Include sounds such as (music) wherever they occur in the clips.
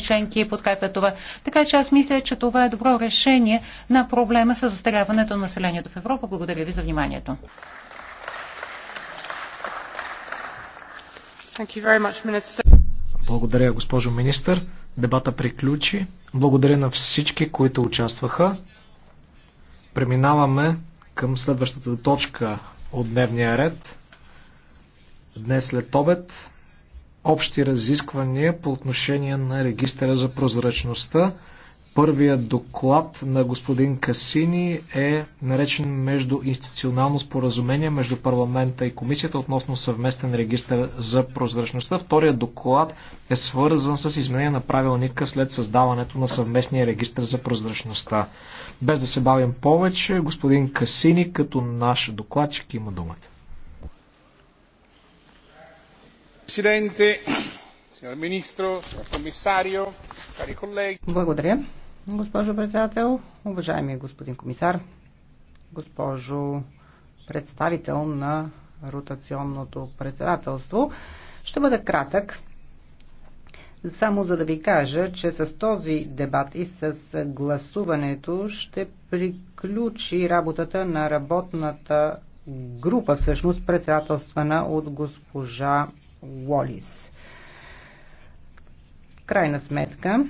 членки подкрепят това. Така че аз мисля, че това е добро решение на проблема с застаряването на населението в Европа. Благодаря ви за вниманието. Much, Благодаря, госпожо министър. Дебата приключи. Благодаря на всички, които участваха. Преминаваме към следващата точка от дневния ред. Днес след обед общи разисквания по отношение на регистъра за прозрачността. Първият доклад на господин Касини е наречен между институционално споразумение между парламента и комисията относно съвместен регистър за прозрачността. Вторият доклад е свързан с изменение на правилника след създаването на съвместния регистр за прозрачността. Без да се бавим повече, господин Касини като наш докладчик има думата. Presidente, signor Ministro, signor Commissario, cari colleghi. Благодаря, госпожо председател, уважаеми господин комисар, госпожо представител на ротационното председателство. Ще бъда кратък, само за да ви кажа, че с този дебат и с гласуването ще приключи работата на работната група, всъщност председателствана от госпожа Уолис. В крайна сметка,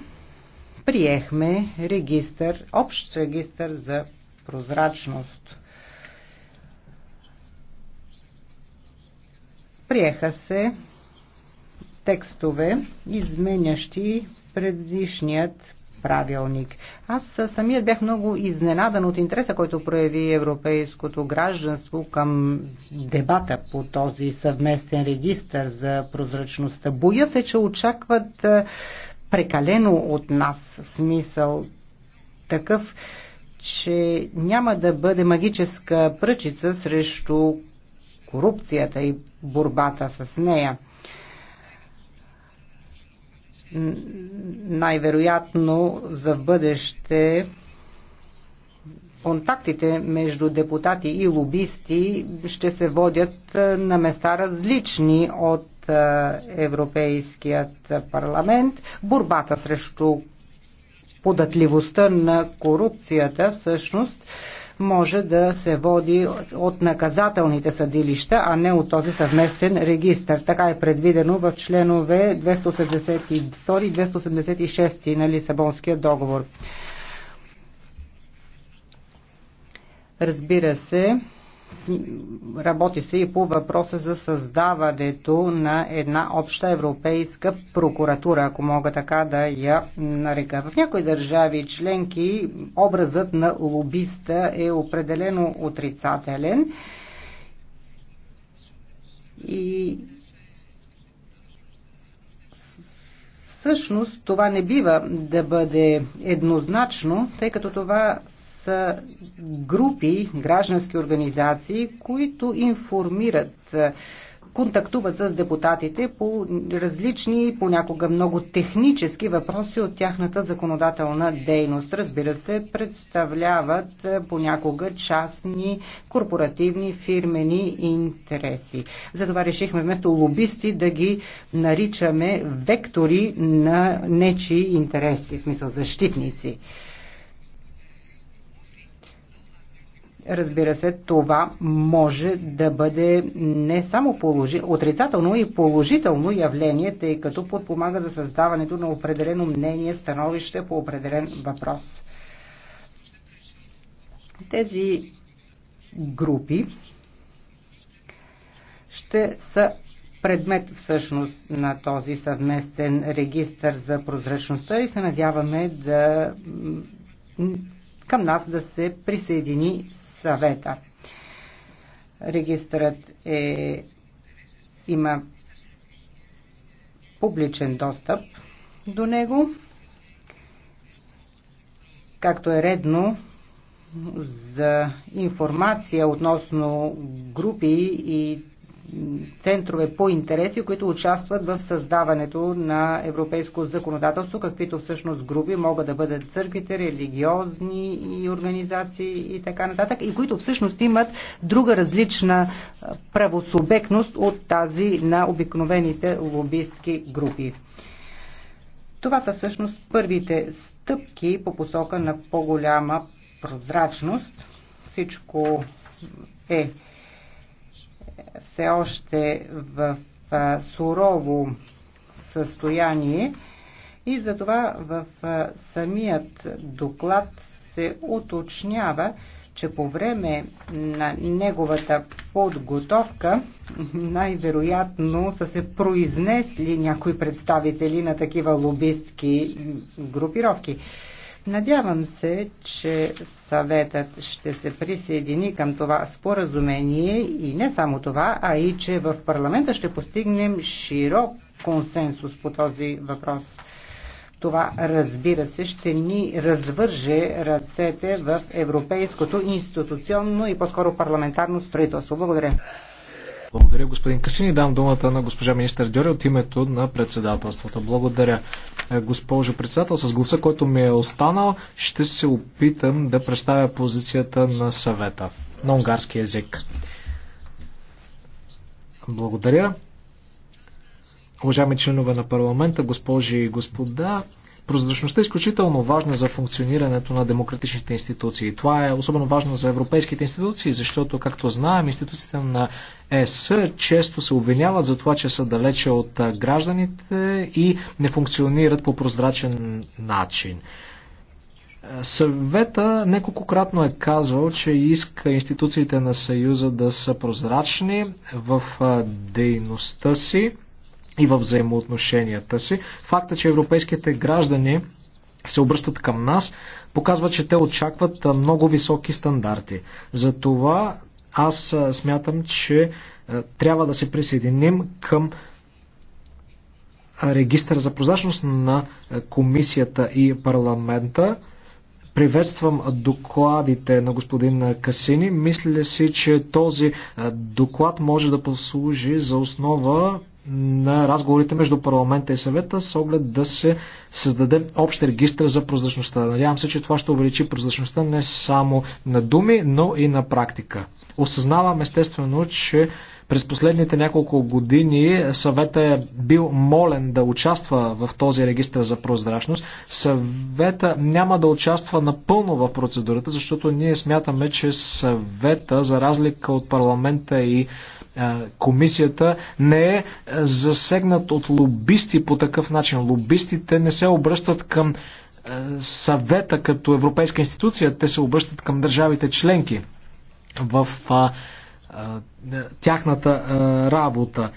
приехме регистър, общ регистър за прозрачност. Приеха се текстове, изменящи предишният правилник. Аз самият бях много изненадан от интереса, който прояви европейското гражданство към дебата по този съвместен регистр за прозрачността. Боя се, че очакват прекалено от нас смисъл такъв, че няма да бъде магическа пръчица срещу корупцията и борбата с нея най-вероятно за бъдеще контактите между депутати и лобисти ще се водят е, на места различни от е, Европейският парламент. Борбата срещу податливостта на корупцията всъщност може да се води от наказателните съдилища, а не от този съвместен регистр. Така е предвидено в членове 282 и 286 на Лисабонския договор. Разбира се, Работи се и по въпроса за създаването на една обща европейска прокуратура, ако мога така да я нарека. В някои държави членки образът на лобиста е определено отрицателен и всъщност това не бива да бъде еднозначно, тъй като това са групи, граждански организации, които информират, е, контактуват с депутатите по различни, понякога много технически въпроси от тяхната законодателна дейност. Разбира се, представляват е, понякога частни, корпоративни, фирмени интереси. Затова решихме вместо лобисти да ги наричаме вектори на нечи интереси, в смисъл защитници. Разбира се, това може да бъде не само положи, отрицателно и положително явление, тъй като подпомага за създаването на определено мнение, становище по определен въпрос. Тези групи ще са предмет всъщност на този съвместен регистр за прозрачността и се надяваме да към нас да се присъедини съвета. Регистърът е, има публичен достъп до него, както е редно за информация относно групи и центрове по интереси, които участват в създаването на европейско законодателство, каквито всъщност групи могат да бъдат църквите, религиозни организации и така нататък, и които всъщност имат друга различна правосубектност от тази на обикновените лобистки групи. Това са всъщност първите стъпки по посока на по-голяма прозрачност. Всичко е все още в сурово състояние и затова в самият доклад се уточнява, че по време на неговата подготовка най-вероятно са се произнесли някои представители на такива лобистки групировки. Надявам се, че съветът ще се присъедини към това споразумение и не само това, а и че в парламента ще постигнем широк консенсус по този въпрос. Това, разбира се, ще ни развърже ръцете в европейското институционно и по-скоро парламентарно строителство. Благодаря. Благодаря, господин Касини. Дам думата на госпожа министър Дьори от името на председателството. Благодаря, е, госпожо председател. С гласа, който ми е останал, ще се опитам да представя позицията на съвета на унгарски язик. Благодаря. Уважаеми членове на парламента, госпожи и господа, Прозрачността е изключително важна за функционирането на демократичните институции. Това е особено важно за европейските институции, защото, както знаем, институциите на ЕС често се обвиняват за това, че са далече от гражданите и не функционират по прозрачен начин. Съвета неколкократно е казвал, че иска институциите на Съюза да са прозрачни в дейността си и във взаимоотношенията си. Факта, че европейските граждани се обръщат към нас, показва, че те очакват много високи стандарти. Затова аз смятам, че трябва да се присъединим към регистър за прозрачност на комисията и парламента. Приветствам докладите на господин Касини. Мисля си, че този доклад може да послужи за основа на разговорите между парламента и съвета с оглед да се създаде общ регистр за прозрачността. Надявам се, че това ще увеличи прозрачността не само на думи, но и на практика. Осъзнавам естествено, че през последните няколко години съвета е бил молен да участва в този регистр за прозрачност. Съвета няма да участва напълно в процедурата, защото ние смятаме, че съвета, за разлика от парламента и е, комисията не е засегнат от лобисти по такъв начин. Лобистите не се обръщат към е, съвета като европейска институция, те се обръщат към държавите членки. В а, е, тяхната работа.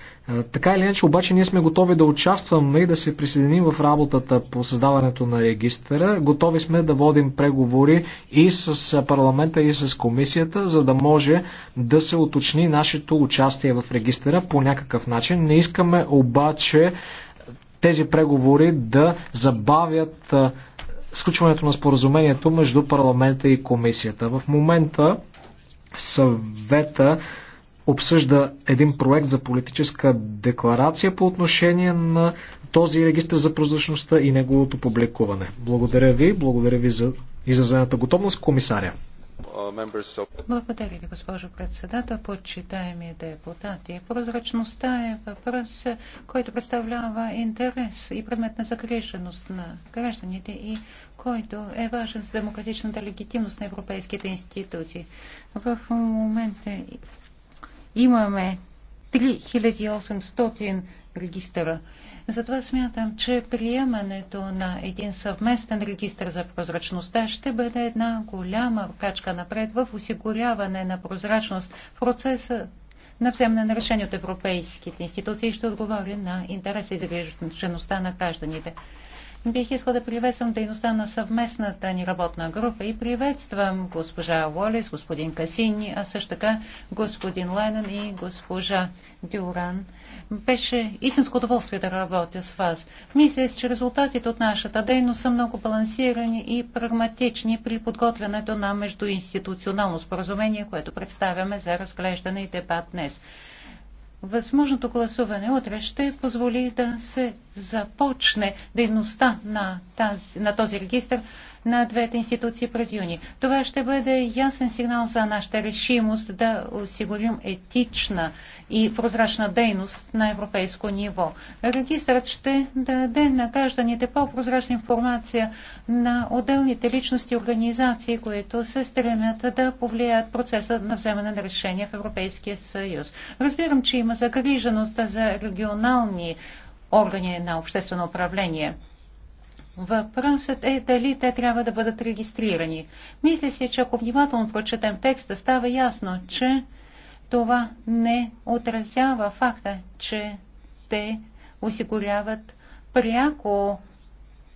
Така или иначе, обаче ние сме готови да участваме и да се присъединим в работата по създаването на регистъра. Готови сме да водим преговори и с парламента, и с комисията, за да може да се уточни нашето участие в регистъра по някакъв начин. Не искаме обаче тези преговори да забавят сключването на споразумението между парламента и комисията. В момента съвета обсъжда един проект за политическа декларация по отношение на този регистр за прозрачността и неговото публикуване. Благодаря ви, благодаря ви за изразената готовност, комисаря. Uh, Благодаря ви, госпожо председател. Почитаеми депутати, прозрачността е въпрос, който представлява интерес и предмет на загриженост на гражданите и който е важен за демократичната легитимност на европейските институции. В момента имаме 3800 регистъра затова смятам, че приемането на един съвместен регистр за прозрачността ще бъде една голяма качка напред в осигуряване на прозрачност в процеса на вземане на решение от европейските институции и ще отговори на интереса и загрижеността на гражданите. Бих искал да приветствам дейността на съвместната ни работна група и приветствам госпожа Уолис, господин Касини, а също така господин Ленен и госпожа Дюран – беше истинско удоволствие да работя с вас. Мисля, че резултатите от нашата дейност са много балансирани и прагматични при подготвянето на междуинституционално споразумение, което представяме за разглеждане и дебат днес. Възможното гласуване утре ще позволи да се започне дейността на, тази, на този регистр на двете институции през юни. Това ще бъде ясен сигнал за нашата решимост да осигурим етична и прозрачна дейност на европейско ниво. Регистърът ще даде на гражданите по-прозрачна информация на отделните личности и организации, които се стремят да повлияят процеса на вземане на решения в Европейския съюз. Разбирам, че има загриженост за регионални органи на обществено управление. Въпросът е дали те трябва да бъдат регистрирани. Мисля си, че ако внимателно прочетем текста, става ясно, че това не отразява факта, че те осигуряват пряко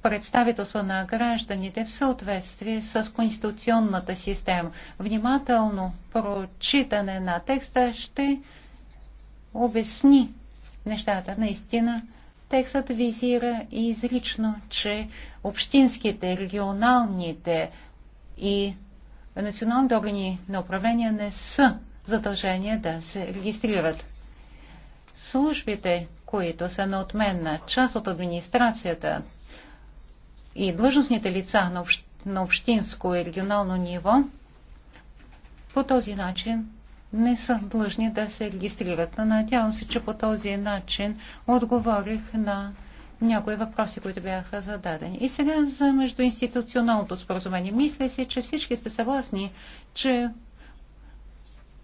представителство на гражданите в съответствие с конституционната система. Внимателно прочитане на текста ще обясни нещата. Наистина Текстът визира изрично, че общинските, регионалните и националните органи на управление не са задължения да се регистрират. Службите, които са неотменна част от администрацията и длъжностните лица на общинско и регионално ниво, по този начин не са длъжни да се регистрират. надявам се, че по този начин отговорих на някои въпроси, които бяха зададени. И сега за междуинституционалното споразумение. Мисля си, че всички сте съгласни, че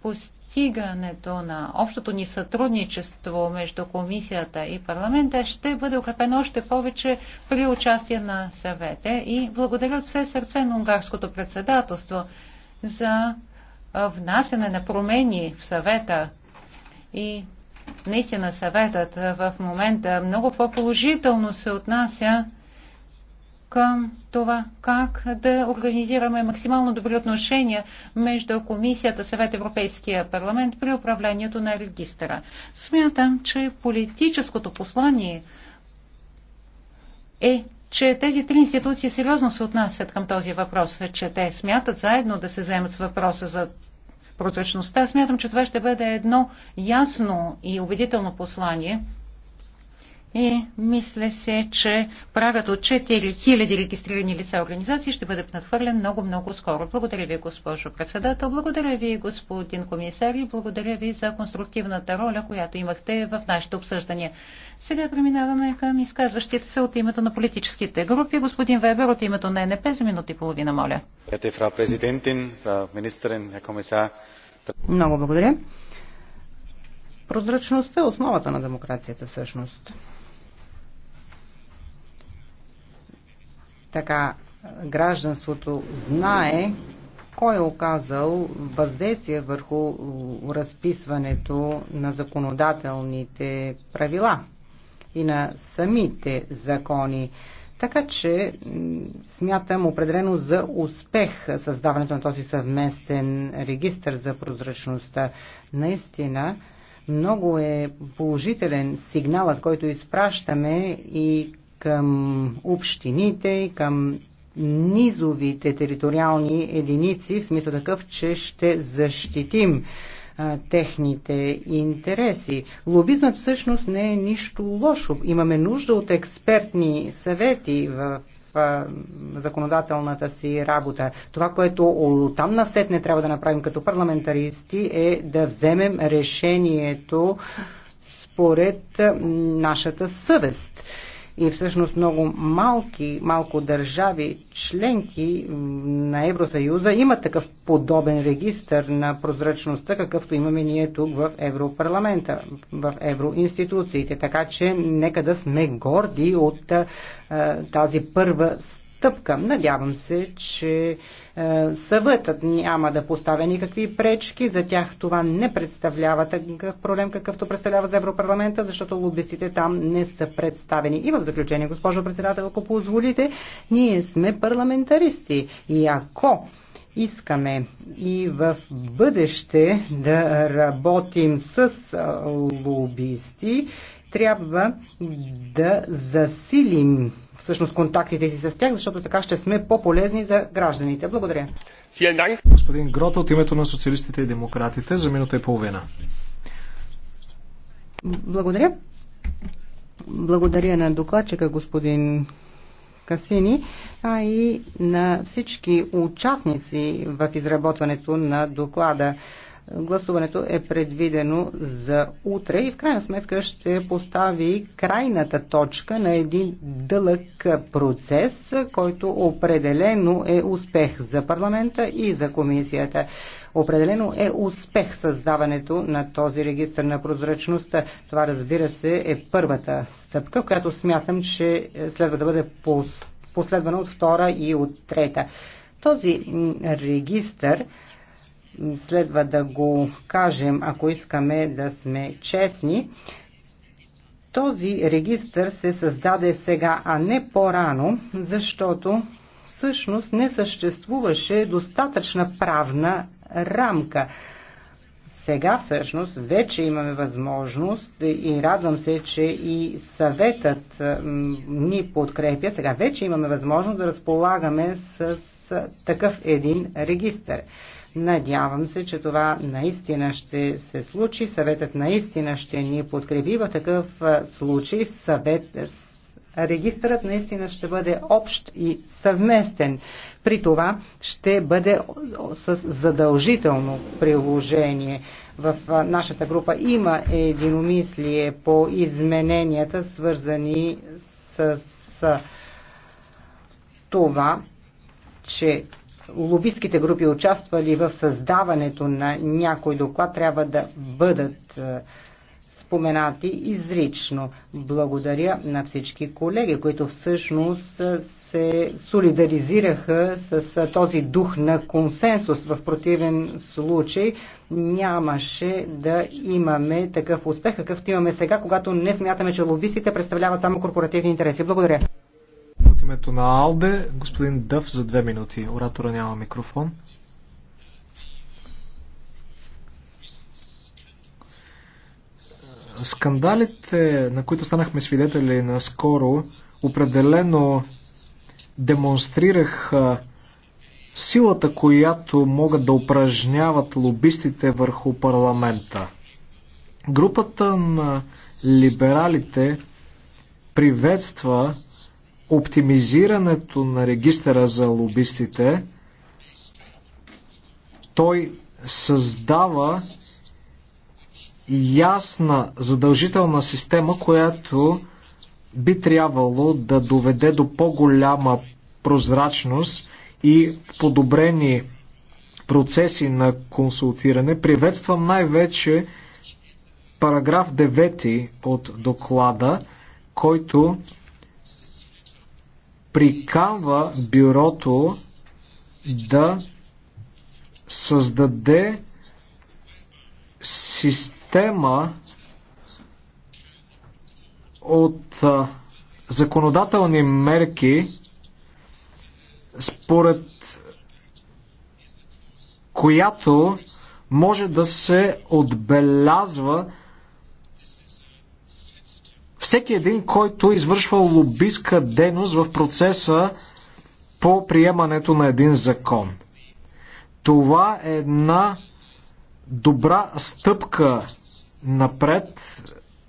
постигането на общото ни сътрудничество между комисията и парламента ще бъде укрепено още повече при участие на съвета. И благодаря от все сърце на унгарското председателство за внасяне на промени в съвета. И наистина съветът в момента много по-положително се отнася към това как да организираме максимално добри отношения между Комисията, Съвет Европейския парламент при управлението на регистъра. Смятам, че политическото послание е че тези три институции сериозно се отнасят към този въпрос, че те смятат заедно да се вземат с въпроса за прозрачността. Смятам, че това ще бъде едно ясно и убедително послание и е, мисля се, че прагът от 4000 регистрирани лица организации ще бъде надхвърлен много-много скоро. Благодаря ви, госпожо председател. Благодаря ви, господин комисар. И благодаря ви за конструктивната роля, която имахте в нашите обсъждания. Сега преминаваме към изказващите се от името на политическите групи. Господин Вебер от името на НП за минути и половина, моля. Много благодаря. Прозрачността е основата на демокрацията всъщност. Така гражданството знае кой е оказал въздействие върху разписването на законодателните правила и на самите закони. Така че смятам определено за успех създаването на този съвместен регистр за прозрачността. Наистина, много е положителен сигналът, който изпращаме и към общините и към низовите териториални единици, в смисъл такъв, че ще защитим а, техните интереси. Лобизмът всъщност не е нищо лошо. Имаме нужда от експертни съвети в законодателната си работа. Това, което оттам насетне трябва да направим като парламентаристи е да вземем решението според нашата съвест и всъщност много малки, малко държави, членки на Евросъюза имат такъв подобен регистр на прозрачността, какъвто имаме ние тук в Европарламента, в евроинституциите. Така че нека да сме горди от а, тази първа стъпка. Надявам се, че е, съветът няма да поставя никакви пречки. За тях това не представлява такъв проблем, какъвто представлява за Европарламента, защото лобистите там не са представени. И в заключение, госпожо председател, ако позволите, ние сме парламентаристи. И ако искаме и в бъдеще да работим с лобисти, трябва да засилим всъщност контактите си с тях, защото така ще сме по-полезни за гражданите. Благодаря. Господин Грот от името на социалистите и демократите за минута и половина. Благодаря. Благодаря на докладчика господин Касини, а и на всички участници в изработването на доклада. Гласуването е предвидено за утре и в крайна сметка ще постави крайната точка на един дълъг процес, който определено е успех за парламента и за комисията. Определено е успех създаването на този регистр на прозрачността. Това разбира се е първата стъпка, която смятам, че следва да бъде последвана от втора и от трета. Този регистр следва да го кажем, ако искаме да сме честни, този регистр се създаде сега, а не по-рано, защото всъщност не съществуваше достатъчна правна рамка. Сега всъщност вече имаме възможност и радвам се, че и съветът ни подкрепя. Сега вече имаме възможност да разполагаме с такъв един регистр. Надявам се, че това наистина ще се случи. Съветът наистина ще ни подкрепи. В такъв случай съвет, регистърът наистина ще бъде общ и съвместен. При това ще бъде с задължително приложение. В нашата група има единомислие по измененията, свързани с това, че лобистските групи, участвали в създаването на някой доклад, трябва да бъдат е, споменати изрично. Благодаря на всички колеги, които всъщност е, се солидаризираха с е, този дух на консенсус. В противен случай нямаше да имаме такъв успех, какъвто имаме сега, когато не смятаме, че лобистите представляват само корпоративни интереси. Благодаря името на Алде, господин Дъв за две минути. Оратора няма микрофон. Скандалите, на които станахме свидетели наскоро, определено демонстрираха силата, която могат да упражняват лобистите върху парламента. Групата на либералите приветства оптимизирането на регистъра за лобистите, той създава ясна задължителна система, която би трябвало да доведе до по-голяма прозрачност и подобрени процеси на консултиране. Приветствам най-вече параграф 9 от доклада, който приканва бюрото да създаде система от законодателни мерки, според която може да се отбелязва всеки един, който извършва лобистка дейност в процеса по приемането на един закон. Това е една добра стъпка напред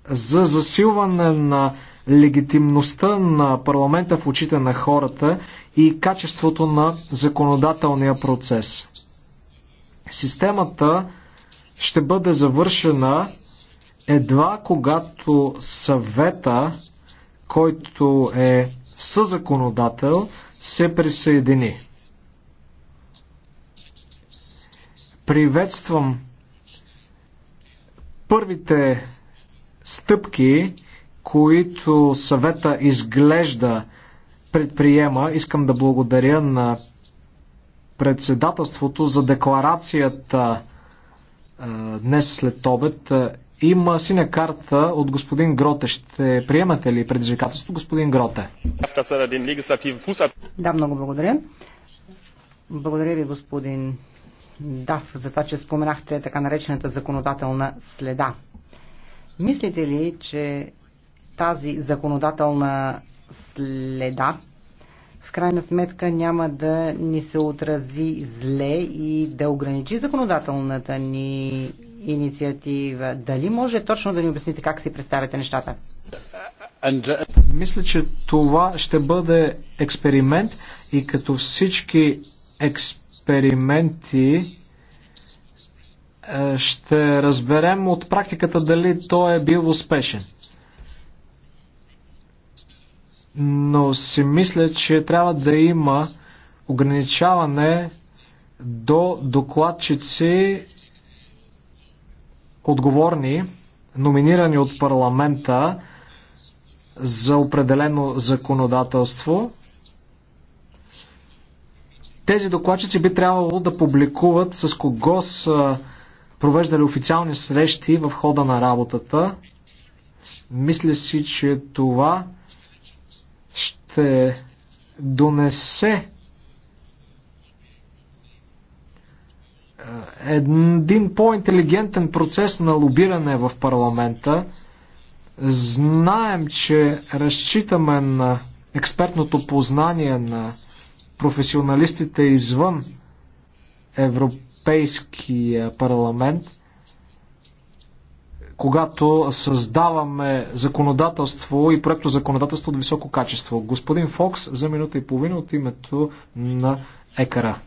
за засилване на легитимността на парламента в очите на хората и качеството на законодателния процес. Системата ще бъде завършена едва когато съвета, който е съзаконодател, се присъедини. Приветствам първите стъпки, които съвета изглежда предприема. Искам да благодаря на председателството за декларацията днес след обед. Има синя карта от господин Гроте. Ще приемате ли предизвикателството, господин Гроте? Да, много благодаря. Благодаря ви, господин Дав, за това, че споменахте така наречената законодателна следа. Мислите ли, че тази законодателна следа в крайна сметка няма да ни се отрази зле и да ограничи законодателната ни инициатива. Дали може точно да ни обясните как си представяте нещата? Uh, мисля, че това ще бъде експеримент и като всички експерименти е, ще разберем от практиката дали той е бил успешен. Но си мисля, че трябва да има ограничаване до докладчици отговорни, номинирани от парламента за определено законодателство, тези докладчици би трябвало да публикуват с кого са провеждали официални срещи в хода на работата. Мисля си, че това ще донесе един по-интелигентен процес на лобиране в парламента. Знаем, че разчитаме на експертното познание на професионалистите извън Европейския парламент, когато създаваме законодателство и проекто законодателство от високо качество. Господин Фокс за минута и половина от името на ЕКАРА.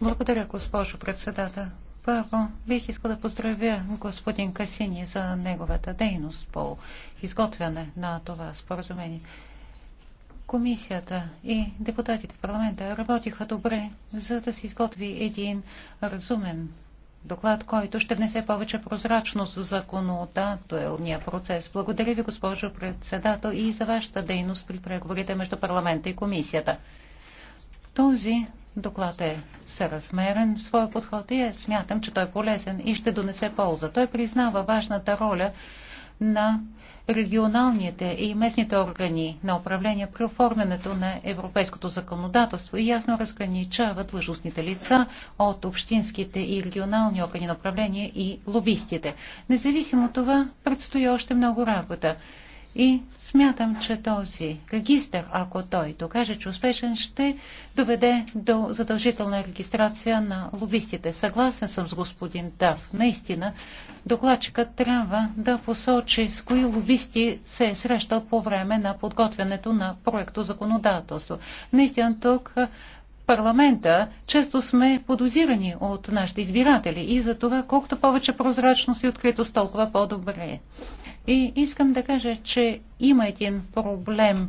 Благодаря, госпожо председател. Първо, бих искал да поздравя господин Касини за неговата дейност по изготвяне на това споразумение. Комисията и депутатите в парламента работиха добре, за да се изготви един разумен доклад, който ще внесе повече прозрачност в законодателния процес. Благодаря ви, госпожо председател, и за вашата дейност при преговорите между парламента и комисията. Този Доклад е съразмерен в своя подход и е, смятам, че той е полезен и ще донесе полза. Той признава важната роля на регионалните и местните органи на управление при оформянето на европейското законодателство и ясно разграничава длъжностните лица от общинските и регионални органи на управление и лобистите. Независимо от това, предстои още много работа. И смятам, че този регистр, ако той докаже, че успешен, ще доведе до задължителна регистрация на лобистите. Съгласен съм с господин Дав. Наистина, докладчикът трябва да посочи с кои лобисти се е срещал по време на подготвянето на проекто законодателство. Наистина, тук парламента често сме подозирани от нашите избиратели и за това колкото повече прозрачност и откритост, толкова по-добре. И искам да кажа, че има един проблем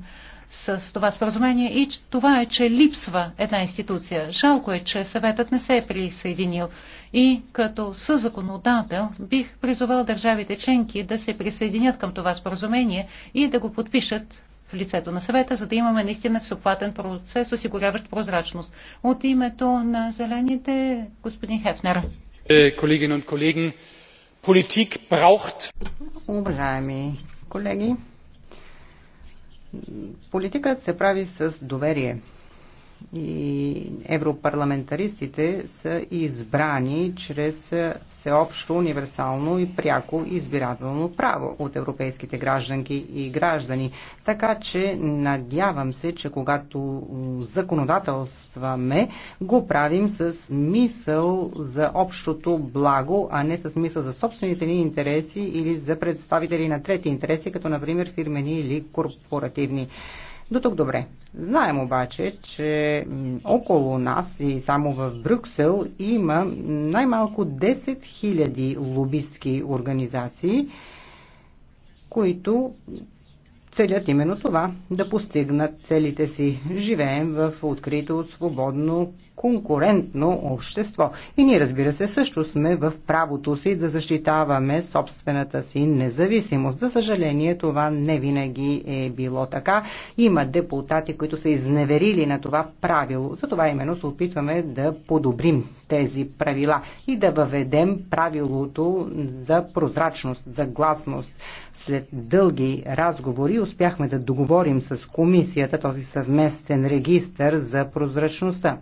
с това споразумение и това е, че липсва една институция. Жалко е, че съветът не се е присъединил. И като съзаконодател бих призовал държавите членки да се присъединят към това споразумение и да го подпишат в лицето на съвета, за да имаме наистина всеобхватен процес, осигуряващ прозрачност. От името на зелените, господин Хефнер. Е, колеги и колеги, Politik braucht. Уважаеми колеги, политиката се прави с доверие и европарламентаристите са избрани чрез всеобщо, универсално и пряко избирателно право от европейските гражданки и граждани. Така че надявам се, че когато законодателстваме, го правим с мисъл за общото благо, а не с мисъл за собствените ни интереси или за представители на трети интереси, като например фирмени или корпоративни. До тук добре. Знаем обаче, че около нас и само в Брюксел има най-малко 10 000 лобистки организации, които целят именно това да постигнат целите си. Живеем в открито, свободно, конкурентно общество. И ние, разбира се, също сме в правото си да защитаваме собствената си независимост. За съжаление, това не винаги е било така. Има депутати, които са изневерили на това правило. Затова именно се опитваме да подобрим тези правила и да въведем правилото за прозрачност, за гласност. След дълги разговори успяхме да договорим с комисията този съвместен регистр за прозрачността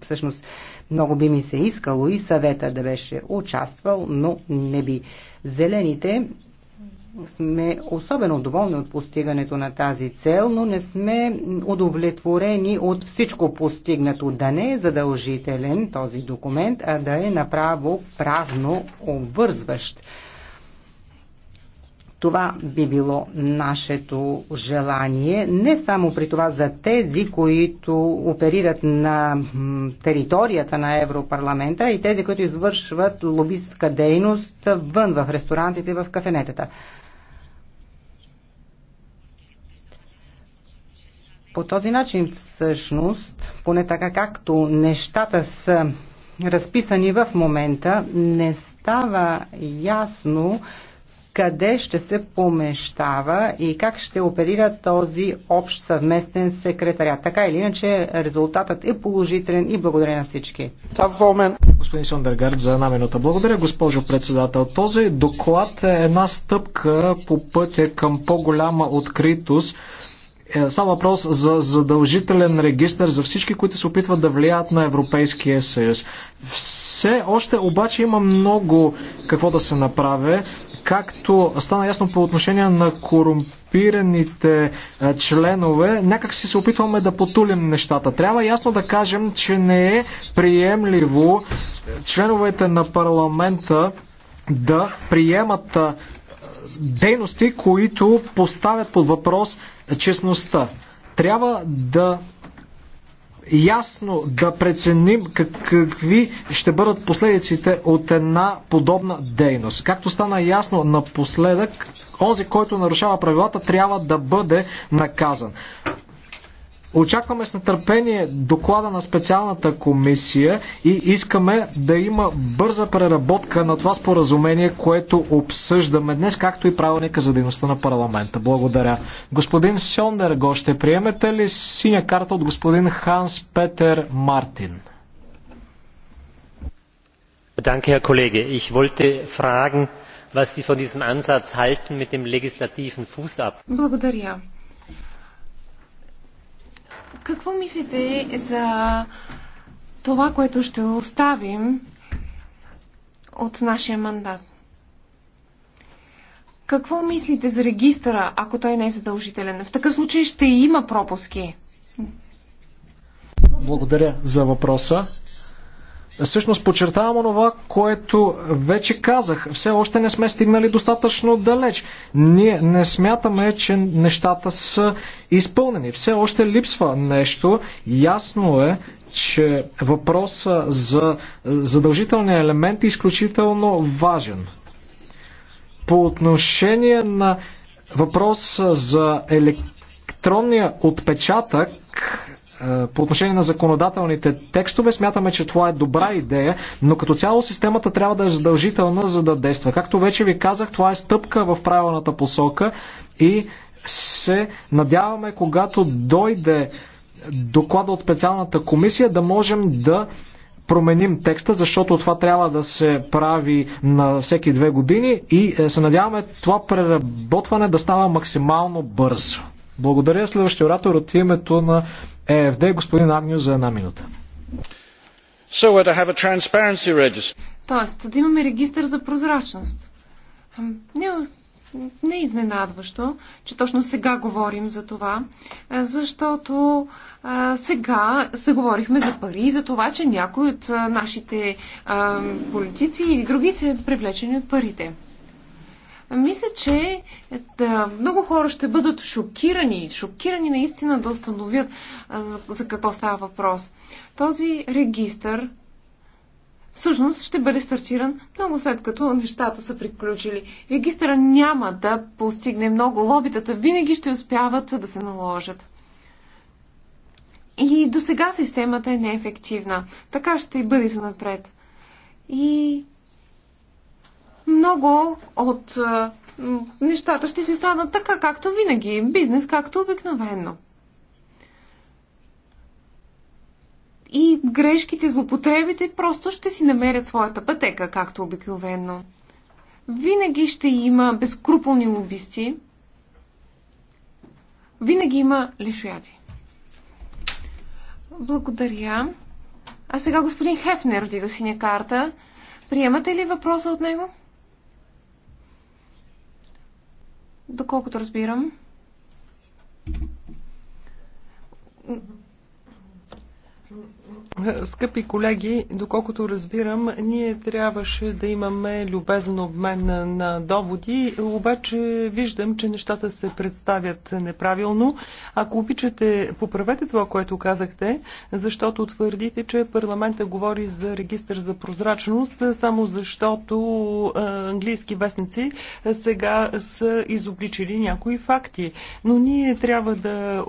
всъщност много би ми се искало и съвета да беше участвал, но не би. Зелените сме особено доволни от постигането на тази цел, но не сме удовлетворени от всичко постигнато. Да не е задължителен този документ, а да е направо правно обвързващ. Това би било нашето желание, не само при това за тези, които оперират на територията на Европарламента и тези, които извършват лобистка дейност вън в ресторантите и в кафенетата. По този начин всъщност, поне така както нещата са разписани в момента, не става ясно, къде ще се помещава и как ще оперира този общ съвместен секретарят. Така или иначе, резултатът е положителен и благодаря на всички. Господин Сондергард, за една минута. Благодаря, госпожо председател. Този доклад е една стъпка по пътя към по-голяма откритост е, става въпрос за задължителен регистр за всички, които се опитват да влияят на Европейския съюз. Все още обаче има много какво да се направи, както стана ясно по отношение на корумпираните е, членове, някак си се опитваме да потулим нещата. Трябва ясно да кажем, че не е приемливо членовете на парламента да приемат е, дейности, които поставят под въпрос честността. Трябва да ясно да преценим какви ще бъдат последиците от една подобна дейност. Както стана ясно напоследък, онзи, който нарушава правилата, трябва да бъде наказан. Очакваме с нетърпение доклада на специалната комисия и искаме да има бърза преработка на това споразумение, което обсъждаме днес, както и правилника за дейността на парламента. Благодаря. Господин го ще приемете ли синя карта от господин Ханс Петер Мартин? Danke, Herr Kollege. Ich wollte fragen, was Sie von diesem Ansatz halten mit dem legislativen Fuß Благодаря. Какво мислите за това, което ще оставим от нашия мандат? Какво мислите за регистъра, ако той не е задължителен? В такъв случай ще има пропуски. Благодаря за въпроса. Всъщност подчертавам онова, което вече казах. Все още не сме стигнали достатъчно далеч. Ние не смятаме, че нещата са изпълнени. Все още липсва нещо. Ясно е, че въпросът за задължителния елемент е изключително важен. По отношение на въпроса за електронния отпечатък, е, по отношение на законодателните текстове, смятаме, че това е добра идея, но като цяло системата трябва да е задължителна, за да действа. Както вече ви казах, това е стъпка в правилната посока и се надяваме, когато дойде доклада от специалната комисия, да можем да променим текста, защото това трябва да се прави на всеки две години и е, се надяваме това преработване да става максимално бързо. Благодаря следващия оратор от името на е ЕФД, господин Агню, за една минута. So, uh, Тоест, да имаме регистър за прозрачност. Не, не е изненадващо, че точно сега говорим за това, защото сега се говорихме за пари и за това, че някои от нашите политици и други са привлечени от парите. Мисля, че е, да, много хора ще бъдат шокирани, шокирани наистина да установят е, а, за какво става въпрос. Този регистър всъщност ще бъде стартиран много след като нещата са приключили. Регистъра няма да постигне много. Лобитата винаги ще успяват да се наложат. И до сега системата е неефективна. Така ще и бъде за напред. И много от е, нещата ще си останат така, както винаги. Бизнес, както обикновено. И грешките, злопотребите просто ще си намерят своята пътека, както обикновено. Винаги ще има безкруполни лобисти. Винаги има лишояти. Благодаря. А сега господин Хефнер дига синя карта. Приемате ли въпроса от него? Доколкото разбирам, Скъпи колеги, доколкото разбирам, ние трябваше да имаме любезен обмен на, доводи, обаче виждам, че нещата се представят неправилно. Ако обичате, поправете това, което казахте, защото твърдите, че парламента говори за регистър за прозрачност, само защото английски вестници сега са изобличили някои факти. Но ние трябва да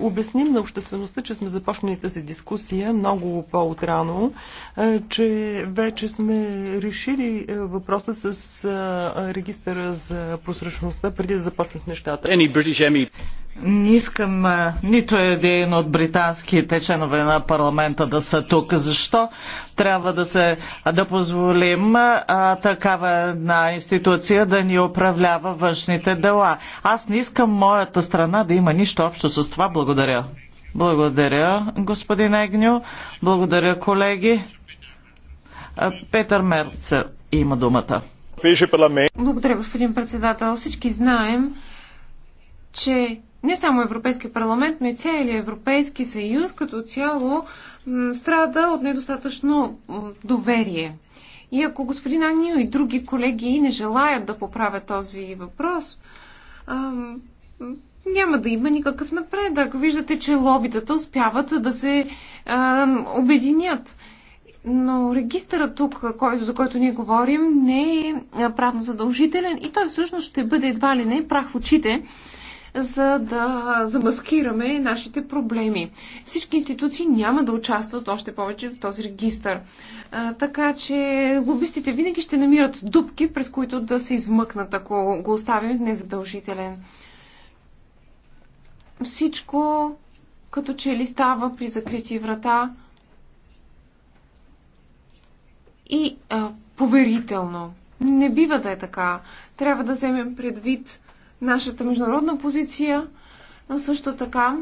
обясним на обществеността, че сме започнали тази дискусия много много по-отрано, е, че вече сме решили е, въпроса с е, регистъра за прозрачността преди да започнат нещата. Не искам нито един от британските членове на парламента да са тук. Защо трябва да, се, да позволим а, такава една институция да ни управлява външните дела? Аз не искам моята страна да има нищо общо с това. Благодаря. Благодаря, господин Егню. Благодаря, колеги. Петър Мерцер има думата. Благодаря, господин председател. Всички знаем, че не само Европейския парламент, но и целият Европейски съюз като цяло страда от недостатъчно доверие. И ако господин Агнио и други колеги не желаят да поправят този въпрос, няма да има никакъв напредък. Виждате, че лобитата успяват да се а, обединят. Но регистърът тук, който, за който ние говорим, не е правно задължителен и той всъщност ще бъде едва ли не прах в очите, за да замаскираме нашите проблеми. Всички институции няма да участват още повече в този регистър. А, така че лобистите винаги ще намират дупки, през които да се измъкнат, ако го оставим незадължителен всичко като че ли става при закрити врата и а, поверително. Не бива да е така. Трябва да вземем предвид нашата международна позиция, но също така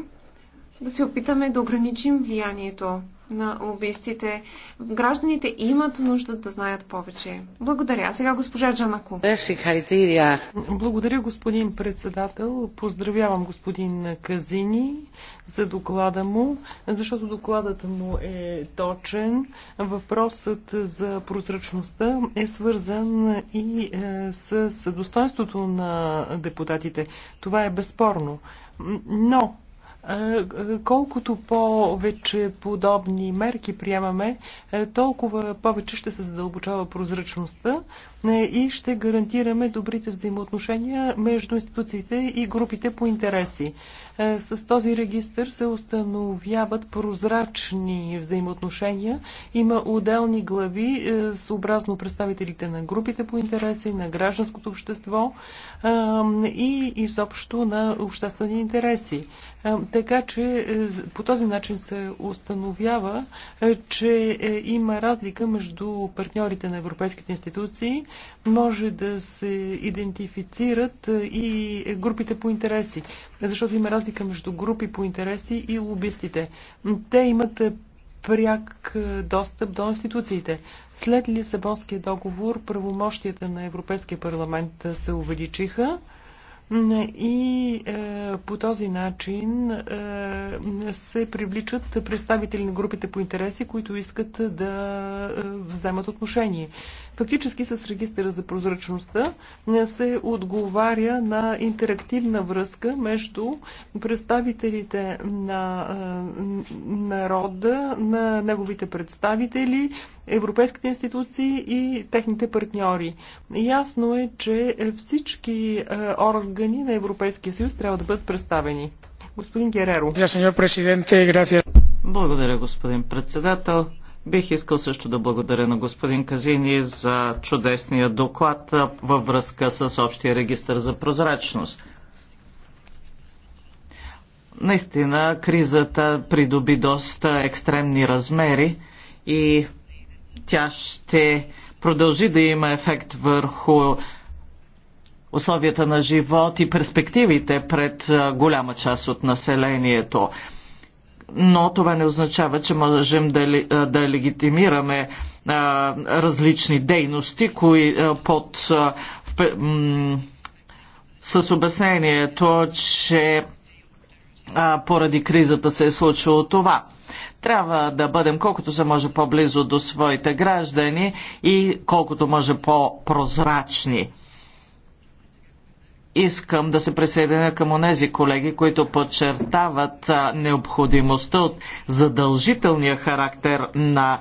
да се опитаме да ограничим влиянието на лобистите. Гражданите имат нужда да знаят повече. Благодаря. А сега госпожа Джанако. Благодаря, господин председател. Поздравявам господин Казини за доклада му, защото докладът му е точен. Въпросът за прозрачността е свързан и е, с достоинството на депутатите. Това е безспорно. Но Колкото повече подобни мерки приемаме, е, толкова повече ще се задълбочава прозрачността, е, и ще гарантираме добрите взаимоотношения между институциите и групите по интереси. Е, с този регистр се установяват прозрачни взаимоотношения. Има отделни глави е, съобразно представителите на групите по интереси, на гражданското общество и изобщо на обществени интереси. Така че по този начин се установява, че има разлика между партньорите на европейските институции може да се идентифицират и групите по интереси, защото има разлика между групи по интереси и лобистите. Те имат пряк достъп до институциите. След Лисабонския договор правомощията на Европейския парламент се увеличиха и е, по този начин е, се привличат представители на групите по интереси, които искат да вземат отношение. Фактически с регистъра за прозрачността се отговаря на интерактивна връзка между представителите на е, народа, на неговите представители, европейските институции и техните партньори. Ясно е, че всички е, органи на Европейския съюз трябва да бъдат представени. Господин Гереро. Благодаря, господин председател. Бих искал също да благодаря на господин Казини за чудесния доклад във връзка с общия регистр за прозрачност. Наистина, кризата придоби доста екстремни размери и тя ще продължи да има ефект върху условията на живот и перспективите пред голяма част от населението но това не означава, че можем да, да легитимираме а, различни дейности, кои а, под а, в, м, с обяснението, че а, поради кризата се е случило това. Трябва да бъдем колкото се може по-близо до своите граждани и колкото може по-прозрачни искам да се присъединя към онези колеги, които подчертават необходимостта от задължителния характер на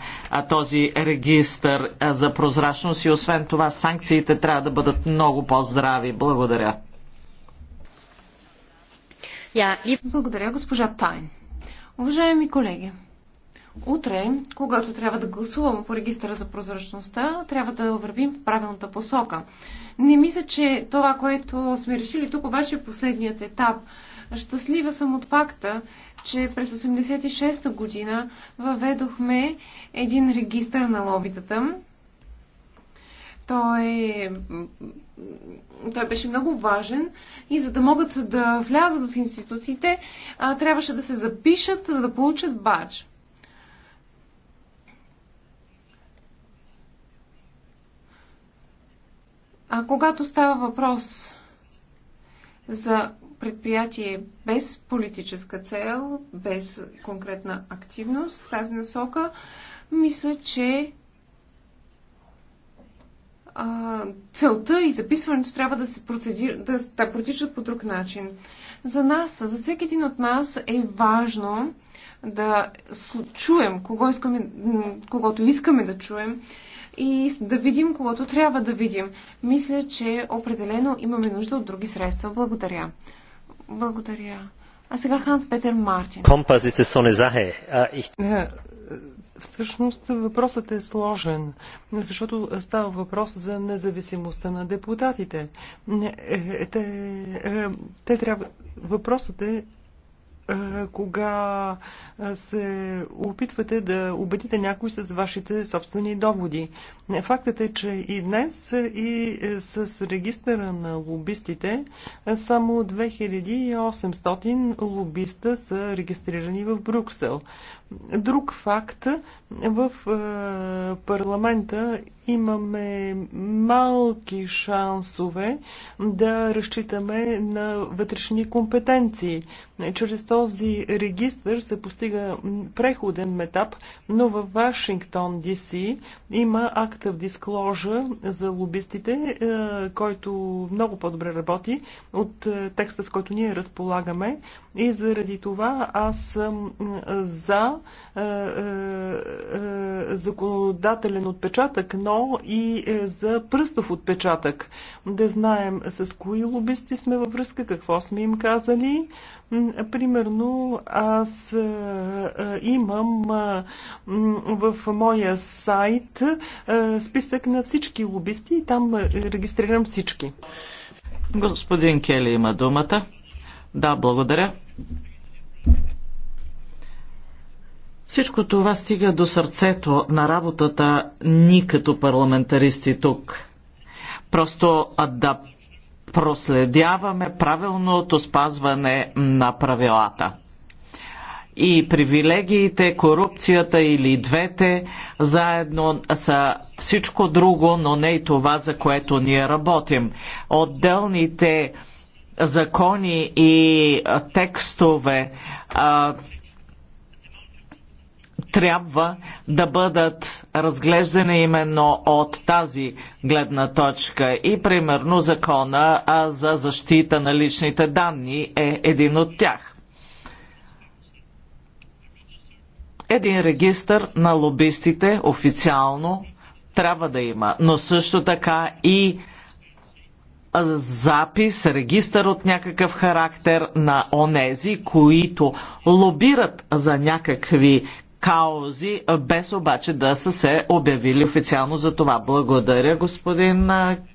този регистър за прозрачност и освен това санкциите трябва да бъдат много по-здрави. Благодаря. Благодаря, госпожа Тайн. Уважаеми колеги, Утре, когато трябва да гласувам по регистъра за прозрачността, трябва да вървим в правилната посока. Не мисля, че това, което сме решили тук, обаче е последният етап. Щастлива съм от факта, че през 86-та година въведохме един регистър на лобитата. Той, е... той беше много важен и за да могат да влязат в институциите, трябваше да се запишат, за да получат бадж. А когато става въпрос за предприятие без политическа цел, без конкретна активност в тази насока, мисля, че а, целта и записването трябва да се да, да протичат по друг начин. За нас, за всеки един от нас е важно да чуем кого искаме, когото искаме да чуем и да видим когото трябва да видим. Мисля, че определено имаме нужда от други средства. Благодаря. Благодаря. А сега Ханс Петер Мартин. Компас и се соне захе. Е, всъщност въпросът е сложен, защото става въпрос за независимостта на депутатите. Е, е, те, те трябва... Въпросът е кога се опитвате да убедите някой с вашите собствени доводи. Фактът е, че и днес и е, с регистъра на лобистите само 2800 лобиста са регистрирани в Брюксел. Друг факт, в е, парламента имаме малки шансове да разчитаме на вътрешни компетенции. Чрез този регистр се постига преходен метап, но във Вашингтон, ДС има акта в дискложа за лобистите, е, който много по-добре работи от е, текста, с който ние разполагаме. И заради това аз съм за е, е, е, законодателен отпечатък, но и за пръстов отпечатък. Да знаем с кои лобисти сме във връзка, какво сме им казали. Примерно, аз имам в моя сайт списък на всички лобисти и там регистрирам всички. Господин Кели има думата. Да, благодаря. Всичко това стига до сърцето на работата ни като парламентаристи тук. Просто да проследяваме правилното спазване на правилата. И привилегиите, корупцията или двете заедно са всичко друго, но не и това, за което ние работим. Отделните закони и текстове а, трябва да бъдат разглеждани именно от тази гледна точка. И примерно закона за защита на личните данни е един от тях. Един регистър на лобистите официално трябва да има, но също така и запис, регистър от някакъв характер на онези, които лобират за някакви каузи, без обаче да са се обявили официално за това. Благодаря, господин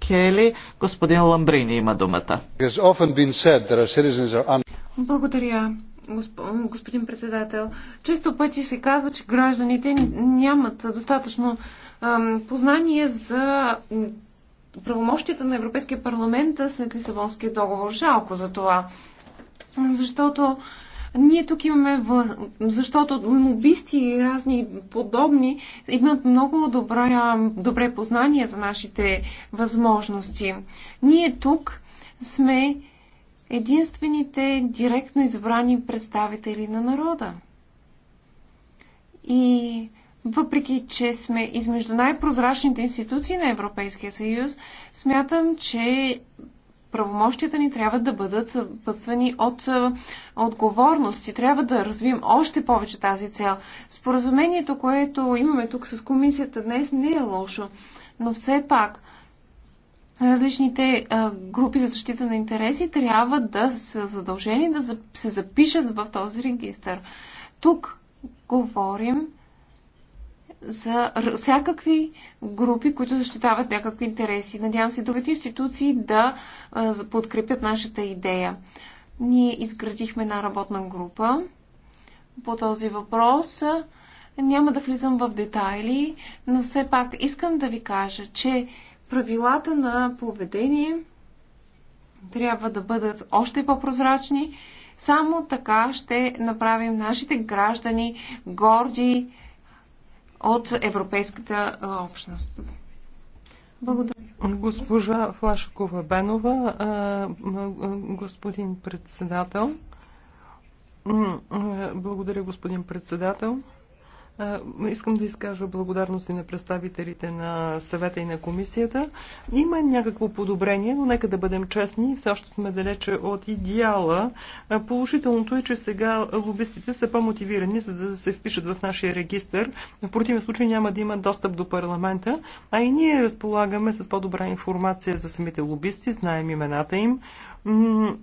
Кели. Господин Ламбрини има думата. Благодаря, господин председател. Често пъти се казва, че гражданите нямат достатъчно познание за правомощията на Европейския парламент след Лисабонския договор. Жалко за това. Защото ние тук имаме, в... защото лобисти и разни подобни имат много добра, добре познание за нашите възможности. Ние тук сме единствените директно избрани представители на народа. И въпреки, че сме измежду най-прозрачните институции на Европейския съюз, смятам, че правомощията ни трябва да бъдат съпътствани от е, отговорности. Трябва да развием още повече тази цел. Споразумението, което имаме тук с комисията днес, не е лошо, но все пак различните е, групи за защита на интереси трябва да са задължени да се запишат в този регистр. Тук говорим за всякакви групи, които защитават някакви интереси. Надявам се другите институции да подкрепят нашата идея. Ние изградихме една работна група по този въпрос. Няма да влизам в детайли, но все пак искам да ви кажа, че правилата на поведение трябва да бъдат още по-прозрачни. Само така ще направим нашите граждани горди от Европейската общност. Благодаря. Госпожа Флашкова Бенова, господин председател. Благодаря, господин председател. Искам да изкажа благодарности на представителите на съвета и на комисията. Има някакво подобрение, но нека да бъдем честни. Все още сме далече от идеала. Положителното е, че сега лобистите са по-мотивирани, за да се впишат в нашия регистр. В противен случай няма да има достъп до парламента, а и ние разполагаме с по-добра информация за самите лобисти, знаем имената им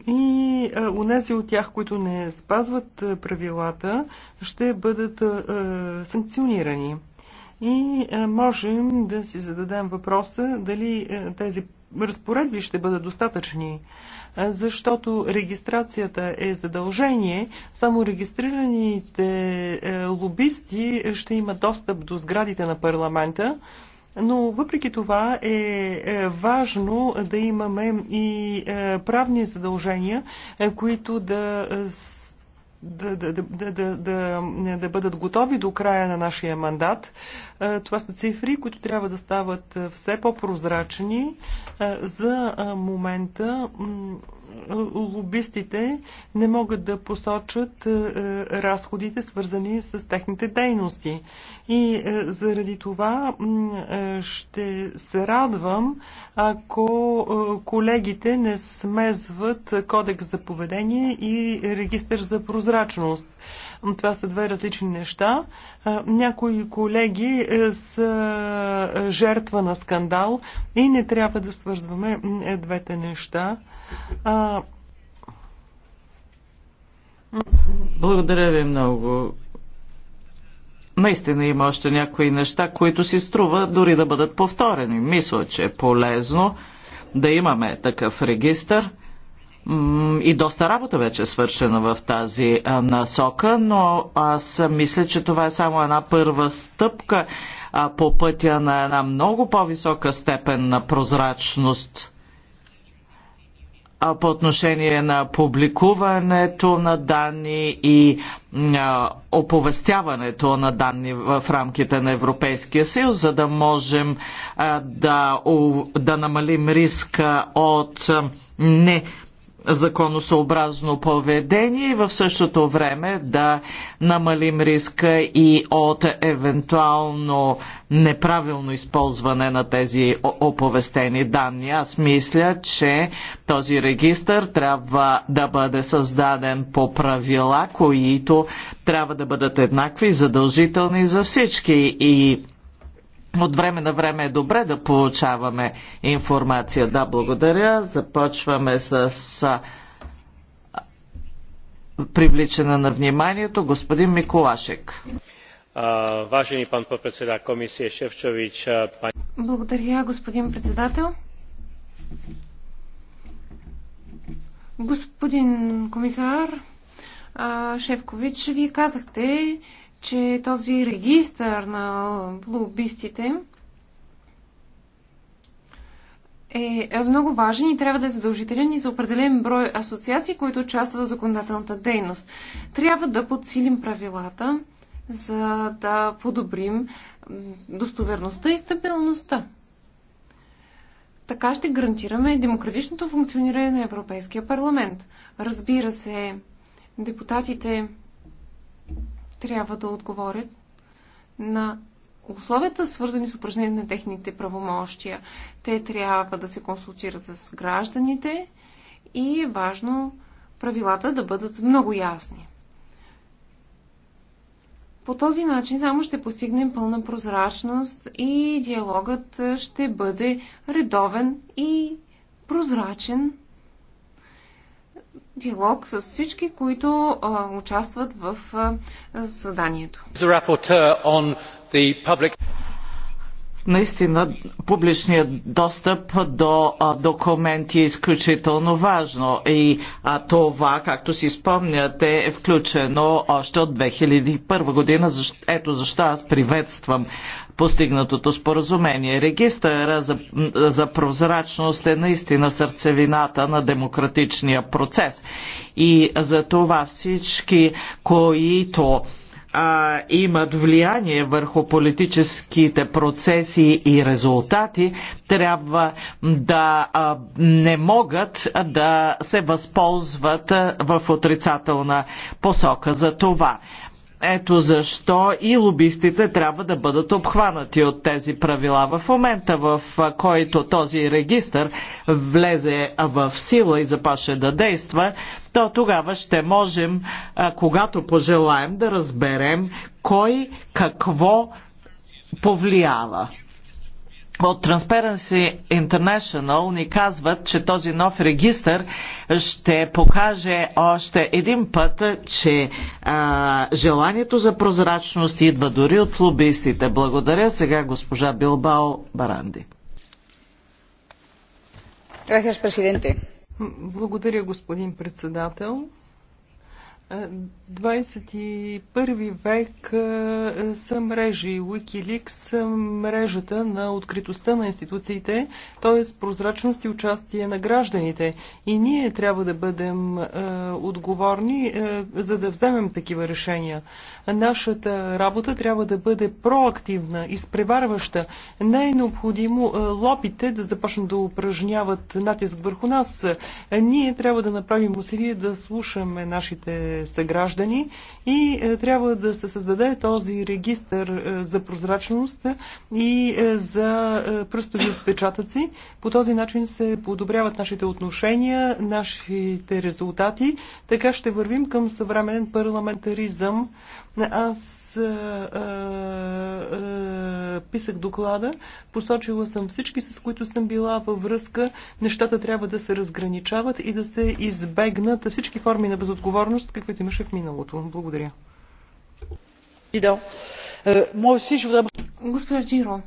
и унези от тях, които не спазват правилата, ще бъдат санкционирани. И можем да си зададем въпроса дали тези разпоредби ще бъдат достатъчни, защото регистрацията е задължение. Само регистрираните лобисти ще имат достъп до сградите на парламента но въпреки това е, е важно да имаме и е, правни задължения, е, които да да, да, да, да, да, да бъдат готови до края на нашия мандат. Това са цифри, които трябва да стават все по-прозрачни. За момента лобистите не могат да посочат е, е, разходите, свързани с техните дейности. И е, заради това ще се радвам, ако колегите не смезват кодекс за поведение и регистър за прозрачност. Това са две различни неща. Някои колеги са жертва на скандал и не трябва да свързваме двете неща. А... Благодаря ви много. Наистина има още някои неща, които си струва дори да бъдат повторени. Мисля, че е полезно да имаме такъв регистр и доста работа вече е свършена в тази насока, но аз мисля, че това е само една първа стъпка по пътя на една много по-висока степен на прозрачност по отношение на публикуването на данни и оповестяването на данни в рамките на Европейския съюз, за да можем да, да намалим риска от не Законосообразно поведение и в същото време да намалим риска и от евентуално неправилно използване на тези оповестени данни. Аз мисля, че този регистр трябва да бъде създаден по правила, които трябва да бъдат еднакви, задължителни за всички и от време на време е добре да получаваме информация. Да, благодаря. Започваме с привличане на вниманието. Господин Миколашек. Важени пан председа комисия Шевчович. Пан... Благодаря, господин председател. Господин комисар Шевкович, вие казахте, че този регистър на лобистите е много важен и трябва да е задължителен и за определен брой асоциации, които участват в законодателната дейност. Трябва да подсилим правилата, за да подобрим достоверността и стабилността. Така ще гарантираме демократичното функциониране на Европейския парламент. Разбира се, депутатите трябва да отговорят на условията, свързани с упражнението на техните правомощия. Те трябва да се консултират с гражданите и е важно правилата да бъдат много ясни. По този начин само ще постигнем пълна прозрачност и диалогът ще бъде редовен и прозрачен диалог с всички, които а, участват в а, заданието наистина публичният достъп до документи е изключително важно и а, това, както си спомняте, е включено още от 2001 година. Ето защо аз приветствам постигнатото споразумение. Регистъра за, за прозрачност е наистина сърцевината на демократичния процес. И за това всички, които а, имат влияние върху политическите процеси и резултати, трябва да а, не могат да се възползват в отрицателна посока за това. Ето защо и лобистите трябва да бъдат обхванати от тези правила. В момента, в който този регистр влезе в сила и запаше да действа, то тогава ще можем, когато пожелаем, да разберем кой какво повлиява от Transparency International ни казват, че този нов регистр ще покаже още един път, че а, желанието за прозрачност идва дори от лобистите. Благодаря сега госпожа Билбао Баранди. Благодаря, господин председател. 21 век са мрежи. Wikileaks са мрежата на откритостта на институциите, т.е. прозрачност и участие на гражданите. И ние трябва да бъдем е, отговорни, е, за да вземем такива решения. Нашата работа трябва да бъде проактивна, изпреварваща. Не е необходимо е, лопите да започнат да упражняват натиск върху нас. Е, ние трябва да направим усилие да слушаме нашите съграждани и е, трябва да се създаде този регистр е, за прозрачност и е, за пръстови отпечатъци. По този начин се подобряват нашите отношения, нашите резултати. Така ще вървим към съвременен парламентаризъм. Аз а, а, писах доклада, посочила съм всички, с които съм била във връзка. Нещата трябва да се разграничават и да се избегнат всички форми на безотговорност, каквито имаше в миналото. Благодаря. Е, Господин Джиро,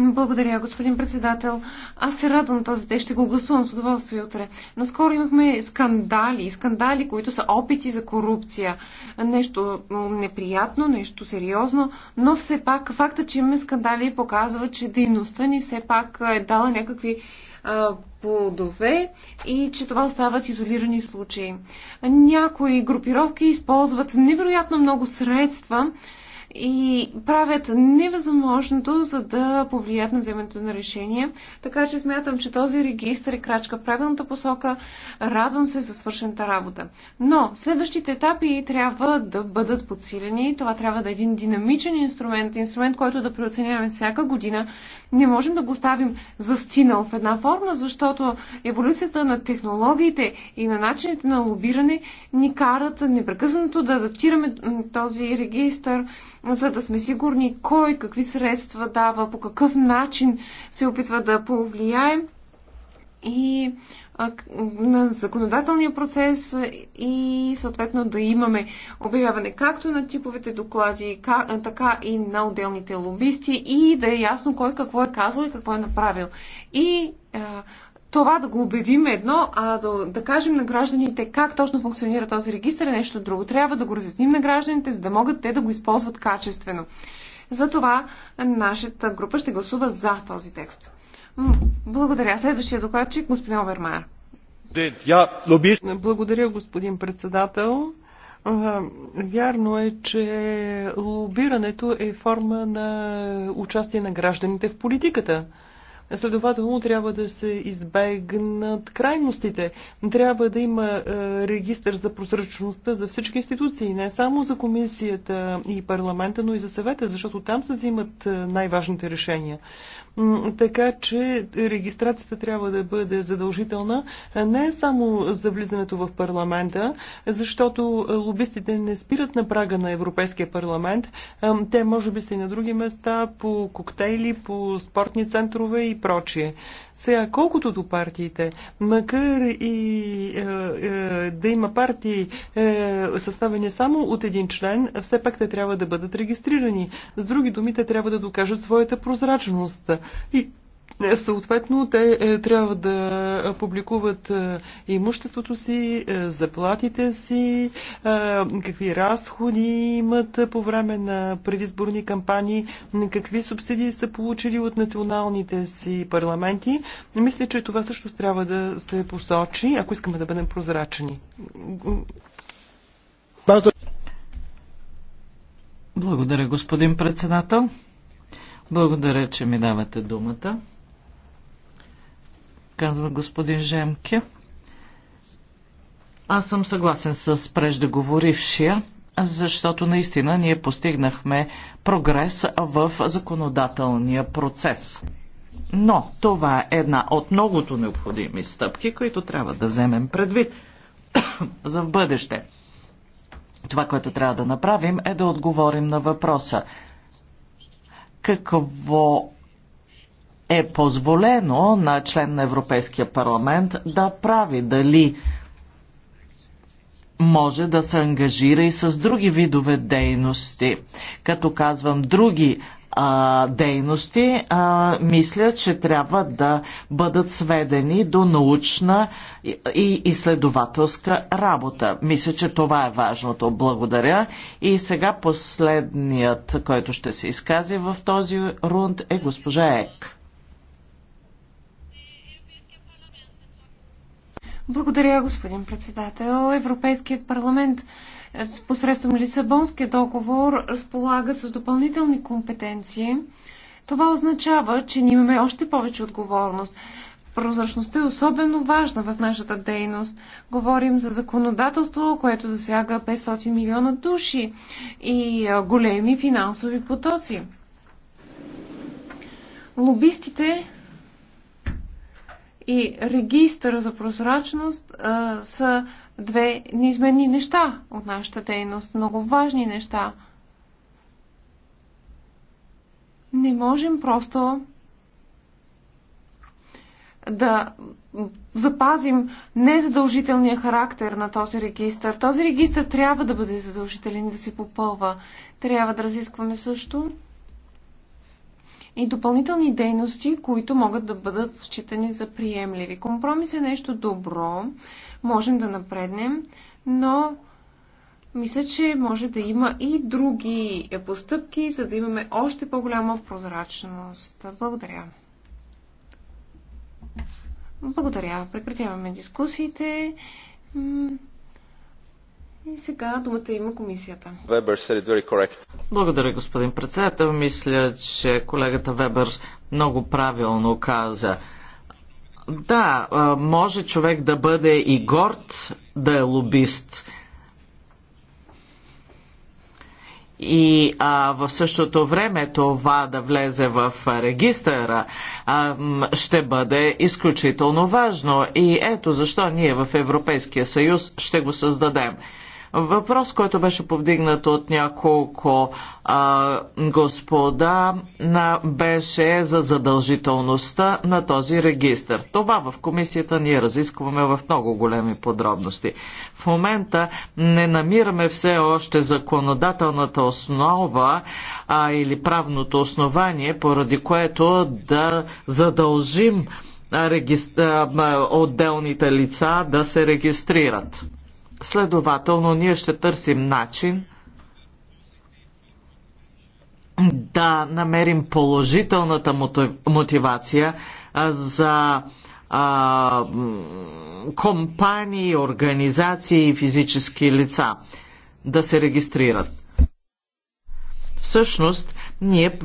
благодаря, господин председател. Аз се радвам този те. Ще го гласувам с удоволствие утре. Наскоро имахме скандали. Скандали, които са опити за корупция. Нещо неприятно, нещо сериозно, но все пак факта, че имаме скандали показва, че дейността ни все пак е дала някакви а, плодове и че това остават изолирани случаи. Някои групировки използват невероятно много средства, и правят невъзможното, за да повлият на вземането на решение. Така че смятам, че този регистр е крачка в правилната посока. Радвам се за свършената работа. Но следващите етапи трябва да бъдат подсилени. Това трябва да е един динамичен инструмент, инструмент, който да преоценяваме всяка година. Не можем да го оставим застинал в една форма, защото еволюцията на технологиите и на начините на лобиране ни карат непрекъснато да адаптираме този регистр за да сме сигурни кой какви средства дава, по какъв начин се опитва да повлияе и на законодателния процес и съответно да имаме обявяване както на типовете доклади, така и на отделните лобисти и да е ясно кой какво е казал и какво е направил. И това да го обявим едно, а да, да кажем на гражданите как точно функционира този регистр е нещо друго. Трябва да го разясним на гражданите, за да могат те да го използват качествено. Затова нашата група ще гласува за този текст. Благодаря. Следващия докладчик, господин Овермайер. Благодаря, господин председател. Вярно е, че лобирането е форма на участие на гражданите в политиката. Следователно трябва да се избегнат крайностите. Трябва да има е, регистр за прозрачността за всички институции, не само за комисията и парламента, но и за съвета, защото там се взимат е, най-важните решения. Така че регистрацията трябва да бъде задължителна не само за влизането в парламента, защото лобистите не спират на прага на Европейския парламент. Те може би са и на други места, по коктейли, по спортни центрове и прочие. Сега, колкото до партиите, макар и е, е, да има партии е, съставени само от един член, все пак те трябва да бъдат регистрирани. С други думи, те трябва да докажат своята прозрачност и е, Съответно, те е, трябва да публикуват е, имуществото си, заплатите си, какви разходи имат по време на предизборни кампании, какви субсидии са получили от националните си парламенти. Мисля, че това също трябва да се посочи, ако искаме да бъдем прозрачни. Благодаря, господин председател. Благодаря, че ми давате думата. Казва господин Жемке. Аз съм съгласен с преждеговорившия, защото наистина ние постигнахме прогрес в законодателния процес. Но това е една от многото необходими стъпки, които трябва да вземем предвид (coughs) за в бъдеще. Това, което трябва да направим е да отговорим на въпроса – какво е позволено на член на Европейския парламент да прави. Дали може да се ангажира и с други видове дейности. Като казвам други а, дейности, а, мисля, че трябва да бъдат сведени до научна и изследователска работа. Мисля, че това е важното. Благодаря. И сега последният, който ще се изкази в този рунд е госпожа Ек. Благодаря, господин председател. Европейският парламент посредством Лисабонския договор разполага с допълнителни компетенции, това означава, че ние имаме още повече отговорност. Прозрачността е особено важна в нашата дейност. Говорим за законодателство, което засяга 500 милиона души и големи финансови потоци. Лобистите и регистъра за прозрачност а, са две неизменни неща от нашата дейност, много важни неща. Не можем просто да запазим незадължителния характер на този регистр. Този регистр трябва да бъде задължителен и да се попълва. Трябва да разискваме също и допълнителни дейности, които могат да бъдат считани за приемливи. Компромис е нещо добро, можем да напреднем, но мисля, че може да има и други постъпки, за да имаме още по-голяма прозрачност. Благодаря. Благодаря. Прекратяваме дискусиите. И сега думата има комисията. Вебер said it very correct. Благодаря, господин председател. Мисля, че колегата Вебер много правилно каза. Да, може човек да бъде и горд да е лобист. И а, в същото време това да влезе в регистъра а, ще бъде изключително важно. И ето защо ние в Европейския съюз ще го създадем. Въпрос, който беше повдигнат от няколко а, господа, на, беше за задължителността на този регистр. Това в комисията ние разискваме в много големи подробности. В момента не намираме все още законодателната основа а, или правното основание, поради което да задължим отделните лица да се регистрират. Следователно, ние ще търсим начин да намерим положителната мотивация за а, компании, организации и физически лица да се регистрират. Всъщност, ние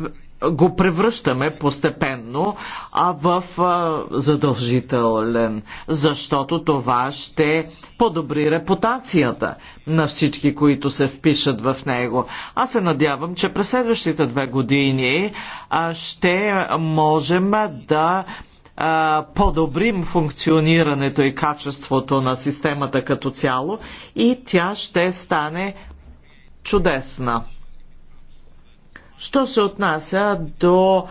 го превръщаме постепенно а в а, задължителен, защото това ще подобри репутацията на всички, които се впишат в него. Аз се надявам, че през следващите две години а, ще можем да подобрим функционирането и качеството на системата като цяло и тя ще стане чудесна. Що се отнася до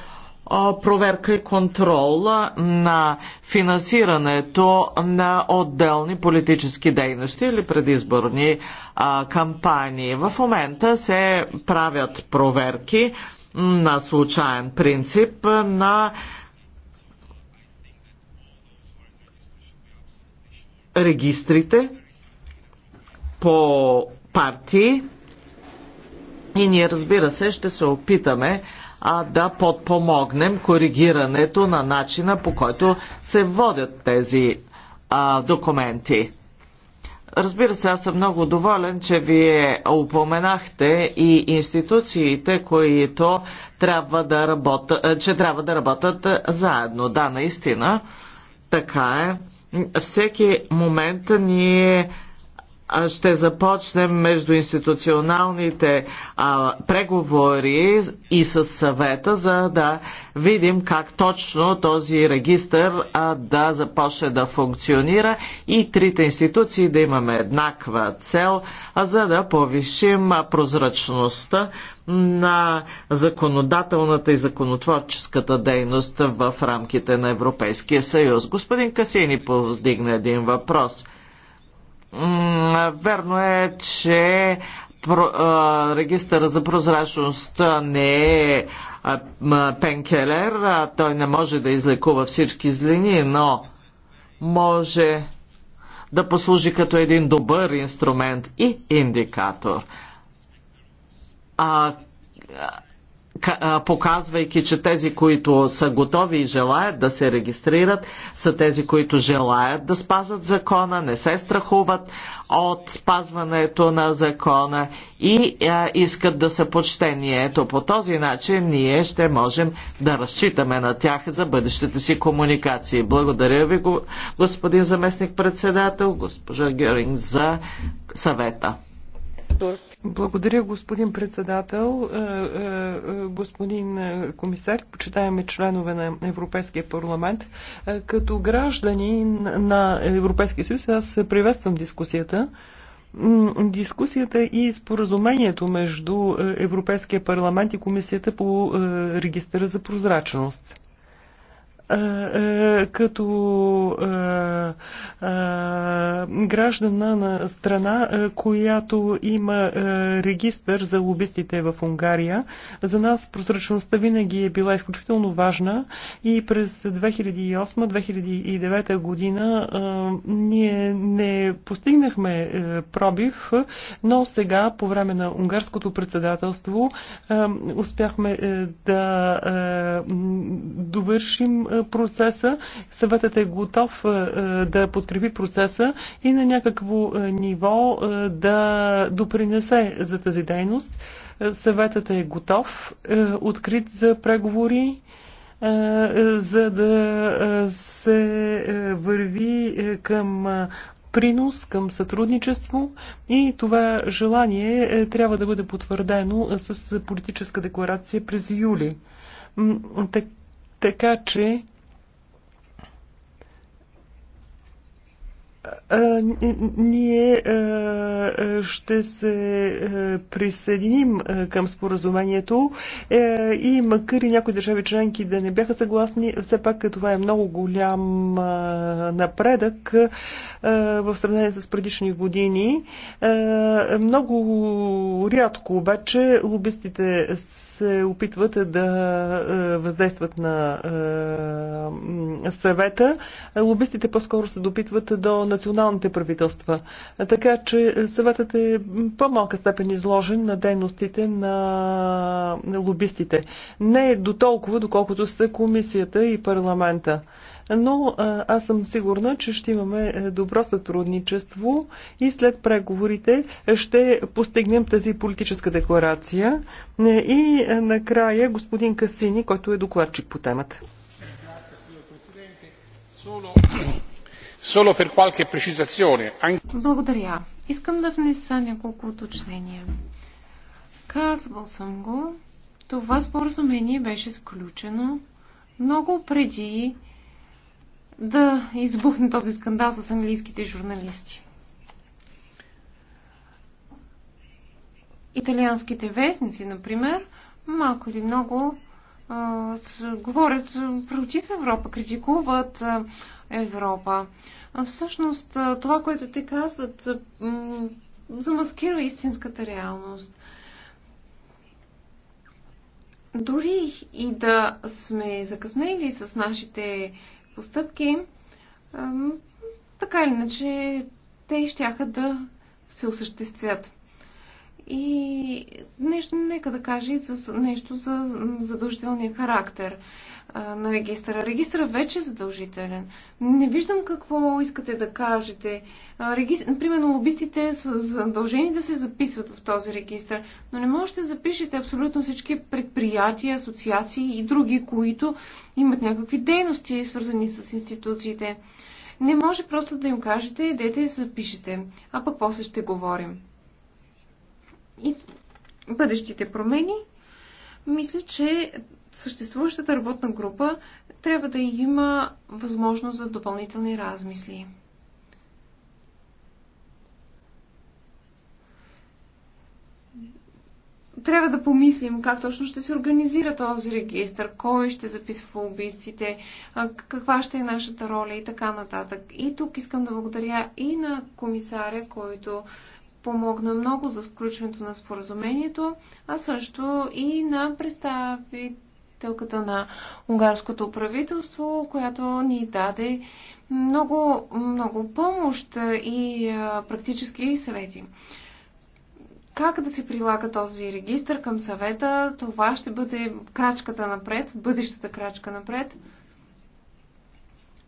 проверка и контрол на финансирането на отделни политически дейности или предизборни а, кампании. В момента се правят проверки на случайен принцип на регистрите по партии и ние, разбира се, ще се опитаме а, да подпомогнем коригирането на начина по който се водят тези а, документи. Разбира се, аз съм много доволен, че вие упоменахте и институциите, които трябва да работят, е, че трябва да работят е, заедно. Да, наистина, така е. Всеки момент ние ще започнем институционалните а, преговори и с съвета, за да видим как точно този регистр а, да започне да функционира и трите институции да имаме еднаква цел, а за да повишим а, прозрачността на законодателната и законотворческата дейност в рамките на Европейския съюз. Господин Касини повдигна един въпрос – Верно е, че регистъра за прозрачност не е пенкелер, а той не може да излекува всички злини, но може да послужи като един добър инструмент и индикатор. А, показвайки, че тези, които са готови и желаят да се регистрират, са тези, които желаят да спазат закона, не се страхуват от спазването на закона и а, искат да са почтени. Ето по този начин ние ще можем да разчитаме на тях за бъдещите си комуникации. Благодаря ви, господин заместник председател, госпожа Геринг, за съвета. Благодаря, господин председател, е, е, е, господин комисар, почитаеми членове на Европейския парламент. Като граждани на Европейския съюз, аз приветствам дискусията дискусията и споразумението между Европейския парламент и Комисията по регистъра за прозрачност като граждана на страна, която има регистър за лобистите в Унгария. За нас прозрачността винаги е била изключително важна и през 2008-2009 година ние не постигнахме пробив, но сега по време на унгарското председателство успяхме да довършим процеса. Съветът е готов е, е, да подкрепи процеса и на някакво е, ниво да допринесе за тази дейност. Съветът е готов, открит за преговори за да се върви към принос, към сътрудничество и това желание трябва да бъде потвърдено с политическа декларация през юли. Така че ние ще се присъединим към споразумението е, и макар и някои държави членки да не бяха съгласни, все пак това е много голям напредък в сравнение с предишни години. Много рядко обаче лобистите се опитват да е, въздействат на е, съвета. Лобистите по-скоро се допитват до националните правителства. Така че съветът е по-малка степен изложен на дейностите на лобистите. Не е до толкова, доколкото са комисията и парламента но аз съм сигурна, че ще имаме е, добро сътрудничество и след преговорите ще постигнем тази политическа декларация. Е, и е, накрая господин Касини, който е докладчик по темата. Благодаря. Искам да внеса няколко уточнения. Казвал съм го. Това споразумение беше сключено много преди да избухне този скандал с английските журналисти. Италианските вестници, например, малко или много а, с, говорят против Европа, критикуват а, Европа. А всъщност а, това, което те казват, а, м, замаскира истинската реалност. Дори и да сме закъснели с нашите постъпки, така или иначе те щяха да се осъществят. И нещо, нека да кажа и за, нещо за задължителния характер на регистъра. Регистъра вече е задължителен. Не виждам какво искате да кажете. Регис... Примерно, лобистите са задължени да се записват в този регистър, но не можете да запишете абсолютно всички предприятия, асоциации и други, които имат някакви дейности, свързани с институциите. Не може просто да им кажете, идете и запишете, а пък после ще говорим. И бъдещите промени, мисля, че съществуващата работна група трябва да има възможност за допълнителни размисли. Трябва да помислим как точно ще се организира този регистр, кой ще записва убийците, каква ще е нашата роля и така нататък. И тук искам да благодаря и на комисаря, който помогна много за сключването на споразумението, а също и на представите представителката на унгарското правителство, която ни даде много, много помощ и практически съвети. Как да се прилага този регистр към съвета, това ще бъде крачката напред, бъдещата крачка напред.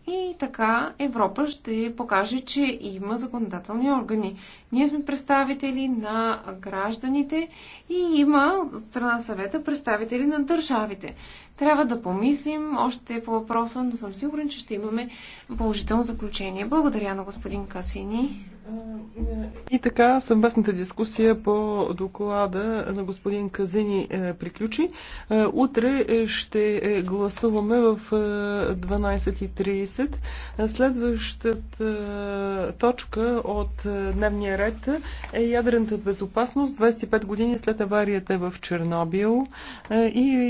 И така Европа ще покаже, че има законодателни органи. Ние сме представители на гражданите и има от страна съвета представители на държавите. Трябва да помислим още по въпроса, но съм сигурен, че ще имаме положително заключение. Благодаря на господин Касини. И така, съвместната дискусия по доклада на господин Казини е, приключи. Е, утре е, ще гласуваме в 12.30. Следващата точка от дневния ред е ядрената безопасност 25 години след аварията в Чернобил и